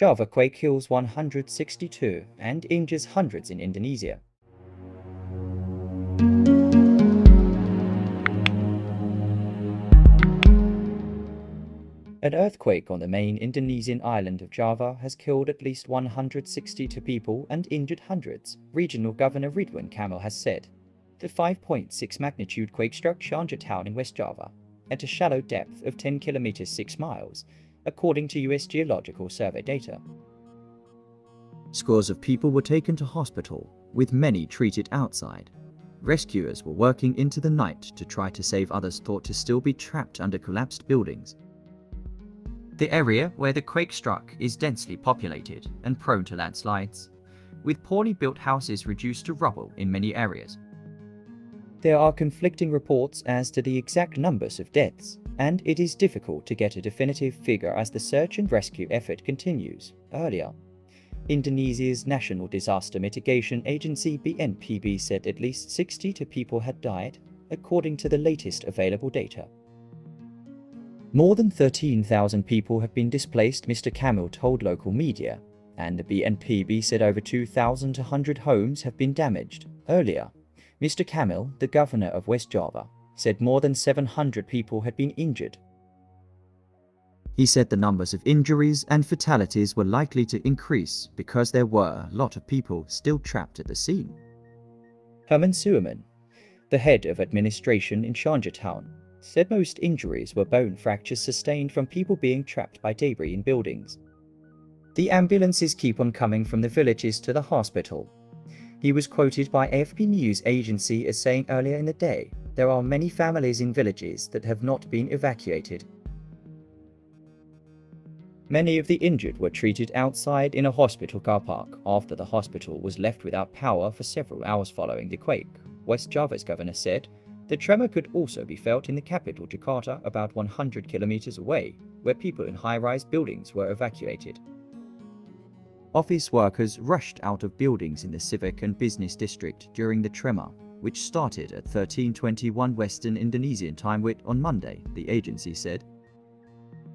Java quake kills 162 and injures hundreds in Indonesia. An earthquake on the main Indonesian island of Java has killed at least 162 people and injured hundreds, Regional Governor Ridwan Kamil has said. The 5.6 magnitude quake struck Chandra town in West Java at a shallow depth of 10 kilometers 6 miles according to US Geological Survey data. Scores of people were taken to hospital, with many treated outside. Rescuers were working into the night to try to save others thought to still be trapped under collapsed buildings. The area where the quake struck is densely populated and prone to landslides, with poorly built houses reduced to rubble in many areas. There are conflicting reports as to the exact numbers of deaths and it is difficult to get a definitive figure as the search and rescue effort continues. Earlier, Indonesia's National Disaster Mitigation Agency BNPB said at least 60 people had died, according to the latest available data. More than 13,000 people have been displaced, Mr. Kamil told local media, and the BNPB said over 2,200 homes have been damaged. Earlier, Mr. Kamil, the governor of West Java, said more than 700 people had been injured. He said the numbers of injuries and fatalities were likely to increase because there were a lot of people still trapped at the scene. Herman Suerman, the head of administration in Shanjatown, said most injuries were bone fractures sustained from people being trapped by debris in buildings. The ambulances keep on coming from the villages to the hospital. He was quoted by AFP News agency as saying earlier in the day there are many families in villages that have not been evacuated. Many of the injured were treated outside in a hospital car park after the hospital was left without power for several hours following the quake, West Java's governor said. The tremor could also be felt in the capital Jakarta about 100 kilometers away, where people in high-rise buildings were evacuated. Office workers rushed out of buildings in the civic and business district during the tremor, which started at 1321 Western Indonesian time wit on Monday, the agency said.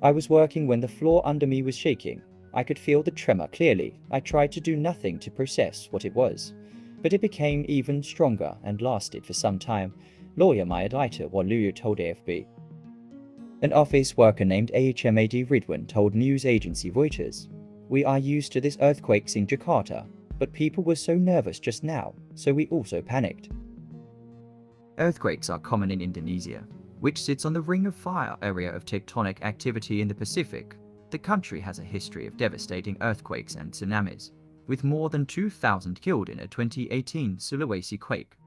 I was working when the floor under me was shaking. I could feel the tremor clearly. I tried to do nothing to process what it was, but it became even stronger and lasted for some time, lawyer Maya Dieter Waluyu told AFP. An office worker named AHMAD Ridwan told news agency Reuters, We are used to this earthquakes in Jakarta, but people were so nervous just now, so we also panicked. Earthquakes are common in Indonesia, which sits on the Ring of Fire area of tectonic activity in the Pacific. The country has a history of devastating earthquakes and tsunamis, with more than 2,000 killed in a 2018 Sulawesi quake.